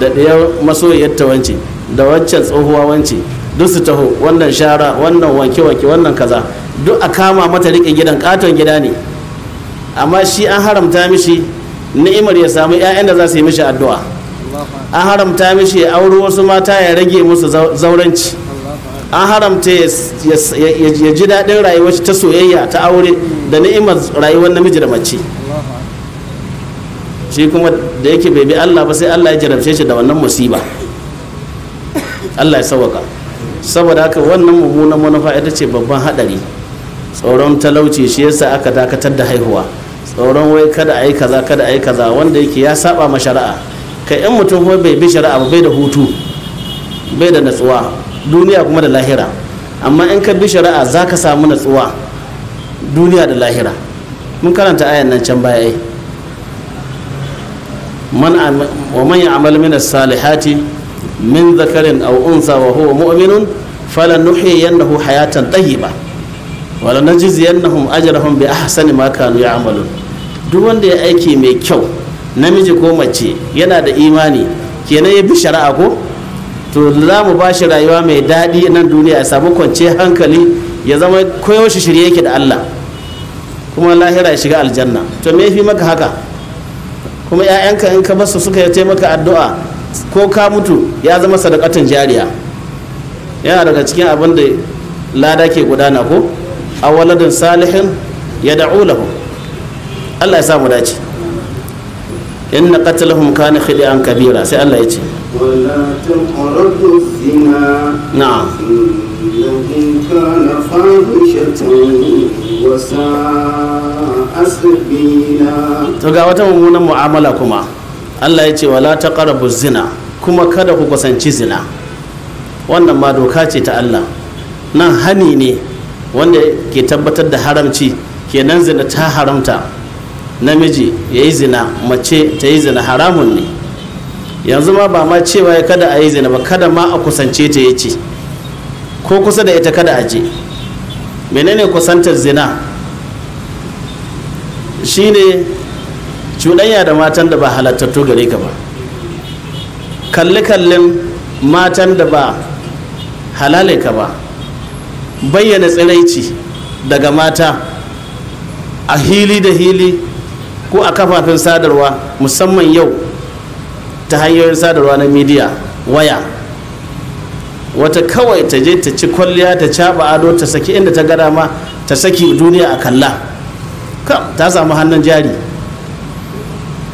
da ɗaya masoyiyar ta wance da waccan tsohuwa wance duk su taho wannan shara wannan wanke wanke wannan kaza duk a kama mata riƙe gidan ƙaton gida ne amma shi an haramta mishi ni'imar ya samu 'ya'yan da za su yi mishi addu'a an haramta mishi ya auri wasu mata ya rage musu zauranci an haramta ya ji daɗin rayuwar ta soyayya ta aure da ni'imar rayuwar namiji da mace shi kuma da yake bai bi Allah ba sai Allah ya jarabce shi da wannan musiba Allah ya sauka saboda haka wannan mummunan manufa ita ce babban hadari tsoron talauci shi yasa aka dakatar da haihuwa tsoron wai kada a kaza kada a kaza wanda yake ya saba ma shari'a kai in mutum kuma bai bi shari'a ba bai da hutu bai da natsuwa duniya kuma da lahira amma in ka bi shari'a za ka samu natsuwa duniya da lahira mun karanta ayan nan can baya eh. ومن يعمل من الصالحات من ذكر أو أنثى وهو مؤمن فلنحيينه حياة طيبة ولنجزينهم أجرهم بأحسن ما كانوا يعملون duk wanda ya aiki mai kyau namiji ko mace yana da imani kenan ya bi shari'a ko to za mu ba shi rayuwa mai daɗi nan duniya ya samu kwance hankali ya zama koyaushe shirye yake da Allah kuma lahira ya shiga aljanna to me fi maka haka kuma 'ya'yanka in ka basu suka yi taimaka addu'a ko ka mutu ya zama sadakatan jariya yana daga cikin abin da lada ke gudana ko a waladin salihin ya da'u lahu Allah ya samu dace inna qatlahum kana khili'an kabira sai Allah ya ce na'am to ga wata mummunan mu'amala kuma Allah ya ce wala karabu zina kuma kada ku kusanci zina wannan ma doka ce ta Allah nan hani ne wanda ke tabbatar da haramci kenan zina ta haramta namiji ya yi zina mace ta yi zina haramun ne yanzu ma ba ma cewa ya kada a yi zina ba kada ma a kusance ta ya ce ko kusa da ita kada a je menene kusantar zina shine cuɗanya da matan da ba halattattu gare ka ba kalli-kallin matan da ba halale ka ba bayyana tsiraici daga mata a hili da hili ko a kafafen sadarwa musamman yau ta hanyoyin sadarwa na midiya waya wata kawai ta je ta ci kwalliya ta caba ado ta saki inda ta gada ma ta saki duniya a kalla ta samu hannun jari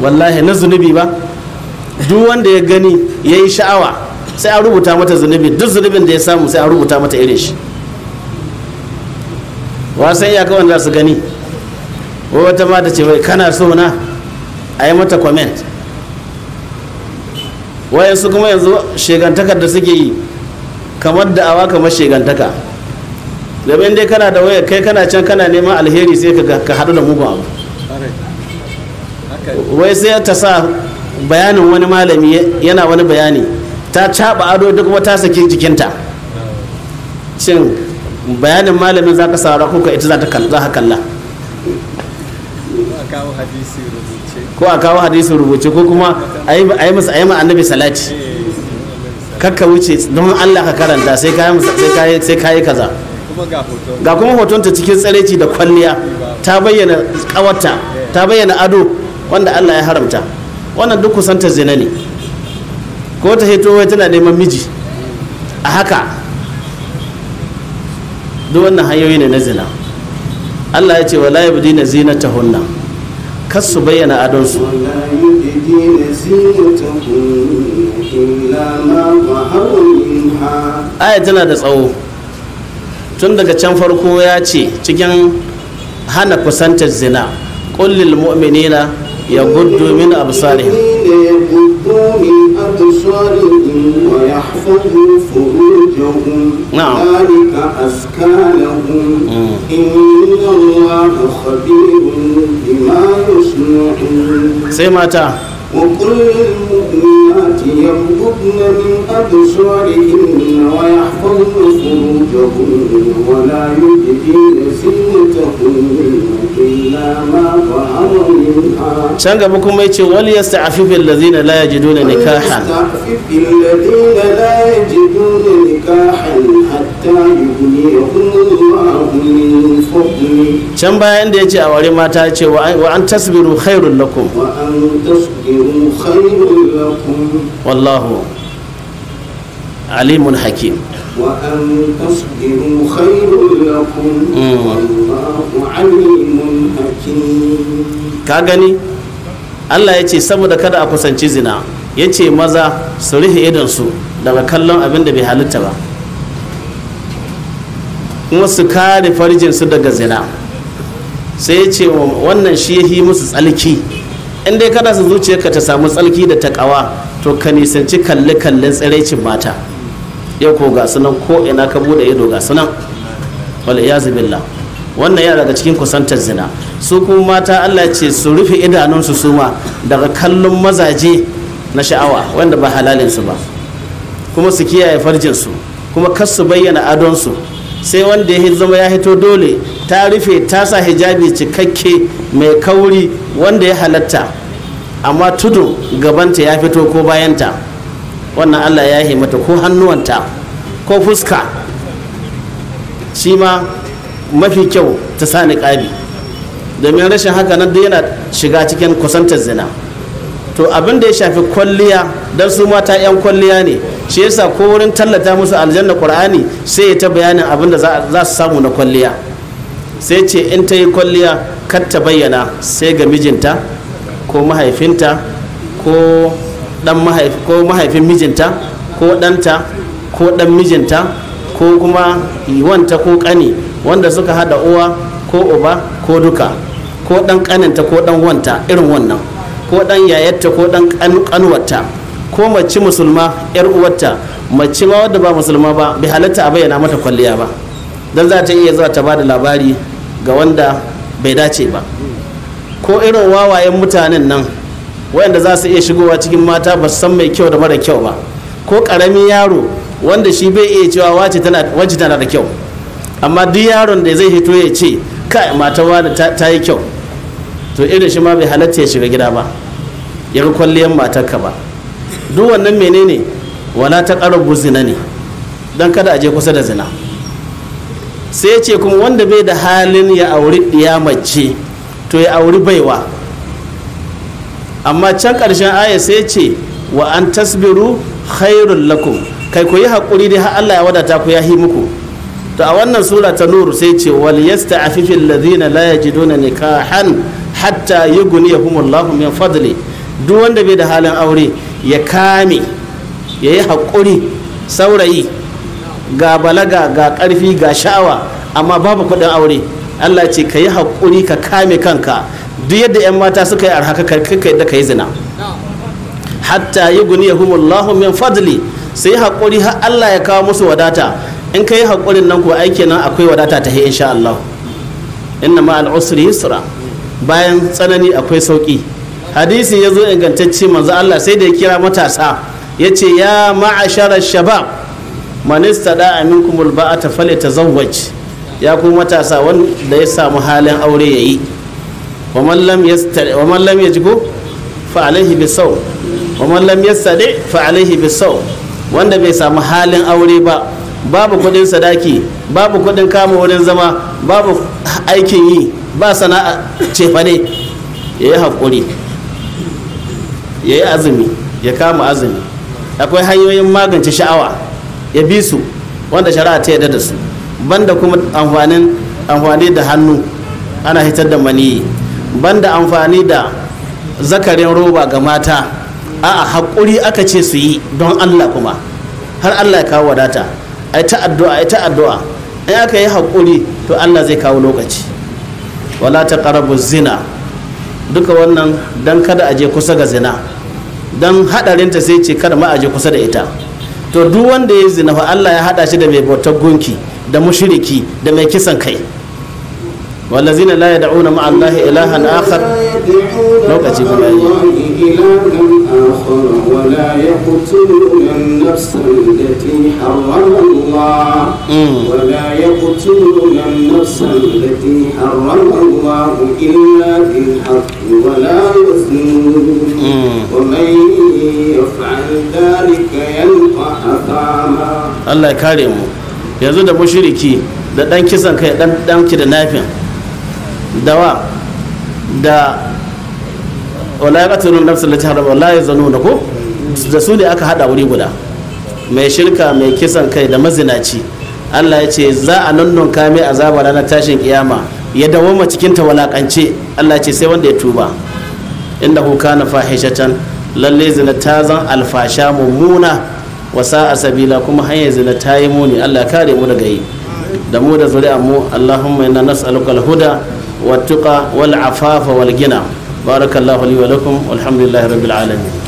wallahi na zunubi ba duk wanda ya gani ya yi sha'awa sai a rubuta mata zunubi duk zunubin da ya samu sai a rubuta mata irin shi wasan kawai za su gani wata mata ce mai kana so na a yi mata comment wayansu kuma yanzu shegantakar da suke yi kamar da awa kamar shegantaka domin dai kana da waya kai kana can kana neman alheri sai ka haɗu da mugun abu wai sai ta sa bayanin wani malami yana wani bayani ta caɓa ado duk wata saki jikinta shin bayanin malamin za ka saura ko ka ita za ka kalla ko a kawo hadisi rubuce ko kuma a yi musu annabi salati kakka wuce don Allah ka karanta sai kayi sai sai kayi kaza ga kuma hoton ta cikin tsareci da kwalliya ta bayyana kawarta ta bayyana ado wanda Allah ya haramta wannan duk kusanta zina ne ko ta hito wai tana neman miji a haka duk wannan hanyoyi ne na zina Allah ya ce wala yabdina zinatahunna kar su bayyana adonsu aya tana da tsawo tun daga can farko ya ce cikin hana kusantar zina kullil mu'minina ya guddu min absarihim ويحفظوا فروجهم نعم ذلك أزكى لهم إن الله خبير بما يصنعون سمعتها وقل للمؤمنات يغضبن من أبصارهن ويحفظن فروجهن ولا يبدين زينتهن إلا ما منها بكم يتي وليستعفف الذين لا يجدون نكاحا وليستعفف الذين لا يجدون نكاحا حتى can bayan da ya ce a wari mata ce wa an tasbiru khairun lakum mm. wallahu alimun hakim ka gani Allah ya ce saboda kada a kusanci zina ya ce maza su rufe idansu daga kallon abin da bai halitta ba kuma su kare farjin su daga zina sai ya ce wannan shi yi musu tsalki in dai kana su zuciya ka ta samu tsalki da ta takawa to ka nisanci kalle kallen tsiraicin mata yau ko ga sunan ko ina ka bude ido ga sunan wal iyazu billah wannan yana daga cikin kusantar zina su kuma mata Allah ce su rufe idanunsu suma daga kallon mazaje na sha'awa wanda ba halalinsu ba kuma su kiyaye farjinsu kuma kar su bayyana adonsu sai wanda ya zama ya hito dole ta rufe ta sa hijabi cikakke mai kauri wanda ya halatta amma tudu gabanta ya fito ko bayanta wannan allah ya yi mata ko hannuwanta ko fuska shi ma mafi kyau ta sa niƙabi domin rashin haka nan yana shiga cikin kusantar zina to abin da ya shafi kwalliya don su mata 'yan kwalliya ne shi yasa ko wurin tallata musu aljanna qur'ani sai ya ta bayanin abin da za su samu na kwalliya sai ce in ta yi kwalliya kar ta bayyana sai ga mijinta ko mahaifinta ko dan ko mahaifin mijinta ko danta, ko dan mijinta ko kuma iwanta ko kani, wanda suka haɗa uwa ko uba ko duka ko ɗan ƙaninta ko ɗan wanta irin wannan ko ɗan yayatta, ko ɗan ƙanuwarta ko mace musulma yar uwarta mace ma wadda ba musulma ba bai halatta a bayyana mata kwalliya ba dan za ta iya zuwa ta bada labari ga wanda bai dace ba ko irin wawayen mutanen nan wayanda za su iya shigowa cikin mata ba san mai kyau da mara kyau ba ko karami yaro wanda shi bai iya cewa wace tana wace tana da kyau amma duk yaron da zai hito ya ce kai mata wani ta yi kyau to irin shi ma bai halatta ya shiga gida ba ya kwalliyar matarka ba duk wannan menene wala ta karabu zina ne don kada a je kusa da zina sai ce kuma wanda bai da halin ya auri ɗiya mace to ya auri baiwa amma can ƙarshen aya sai ce wa an tasbiru hairun lakum kai ku yi haƙuri dai har Allah ya wadata ku ya yi muku to a wannan sura ta nuru sai ce wal yasta'afifu ladina la yajiduna nikahan hatta yughniyahum Allahu min fadli duk wanda bai da halin aure ya kame ya yi haƙuri saurayi ga balaga ga ƙarfi ga sha'awa amma babu kuɗin aure allah ce ka yi haƙuri ka kame kanka duk yadda 'yan mata suka yi arhaka kai yadda ka yi zina hatta yi guni ya humullahu min fadli su yi haƙuri har allah ya kawo musu wadata in ka yi haƙurin nan kuwa aiki nan akwai wadata ta insha allah inna ma al'usri yusra bayan tsanani akwai sauƙi hadisi ya zo ingantacce manzo Allah sai da ya kira matasa ya ce ya ma'ashara shabab man istada aminkum ta falyatazawwaj ya ku matasa wanda ya samu halin aure ya yi wa man lam yajibu fa alaihi wa man lam yastadi fa alaihi wanda bai samu halin aure ba babu kudin sadaki babu kudin kama wurin zama babu aikin yi ba sana'a cefane ya yi haƙuri ya yi azumi ya kama azumi akwai hanyoyin magance sha'awa ya bi su wanda shari'a ta yadda da su banda kuma amfanin amfani da hannu ana hitar da maniyi banda amfani da zakarin roba ga mata a'a haƙuri aka ce su yi don allah kuma har allah ya kawo wadata a ta addu'a a ta addu'a in aka yi haƙuri to allah zai kawo lokaci wala ta zina duka wannan don kada a je kusa ga zina don hadarinta sai ce kada ma aje kusa da ita to duk wanda ya zina fa Allah ya hada shi da mai bautar gunki da mushriki da mai kisan kai والذين لا يدعون مع الله إلها آخر لو كتب ولا يقتلون النفس التي حرم الله ولا يقتلون النفس التي حرم الله إلا بالحق ولا يزنون ومن يفعل ذلك يلقى أثاما الله يكرمه yanzu da mushiriki da dan kisan kai dan dan da nafin dawa da wala ya katsirun nafsar da ta haramu wala ya zanu da ko da su ne aka hada wuri guda mai shirka mai kisan kai da mazinaci Allah ya ce za a nannon kame azaba ranar tashin kiyama ya dawoma cikin ta walakance Allah ya ce sai wanda ya tuba inda kuka na fahishatan lalle zina ta zan alfasha mummuna wasa a sabila kuma hanyar zina ta yi muni Allah ya kare mu daga yi da mu da zuri'a mu Allahumma inna nas'aluka al-huda wat-tuqa wal-afafa wal-ghina barakallahu li wa lakum walhamdulillahi rabbil alamin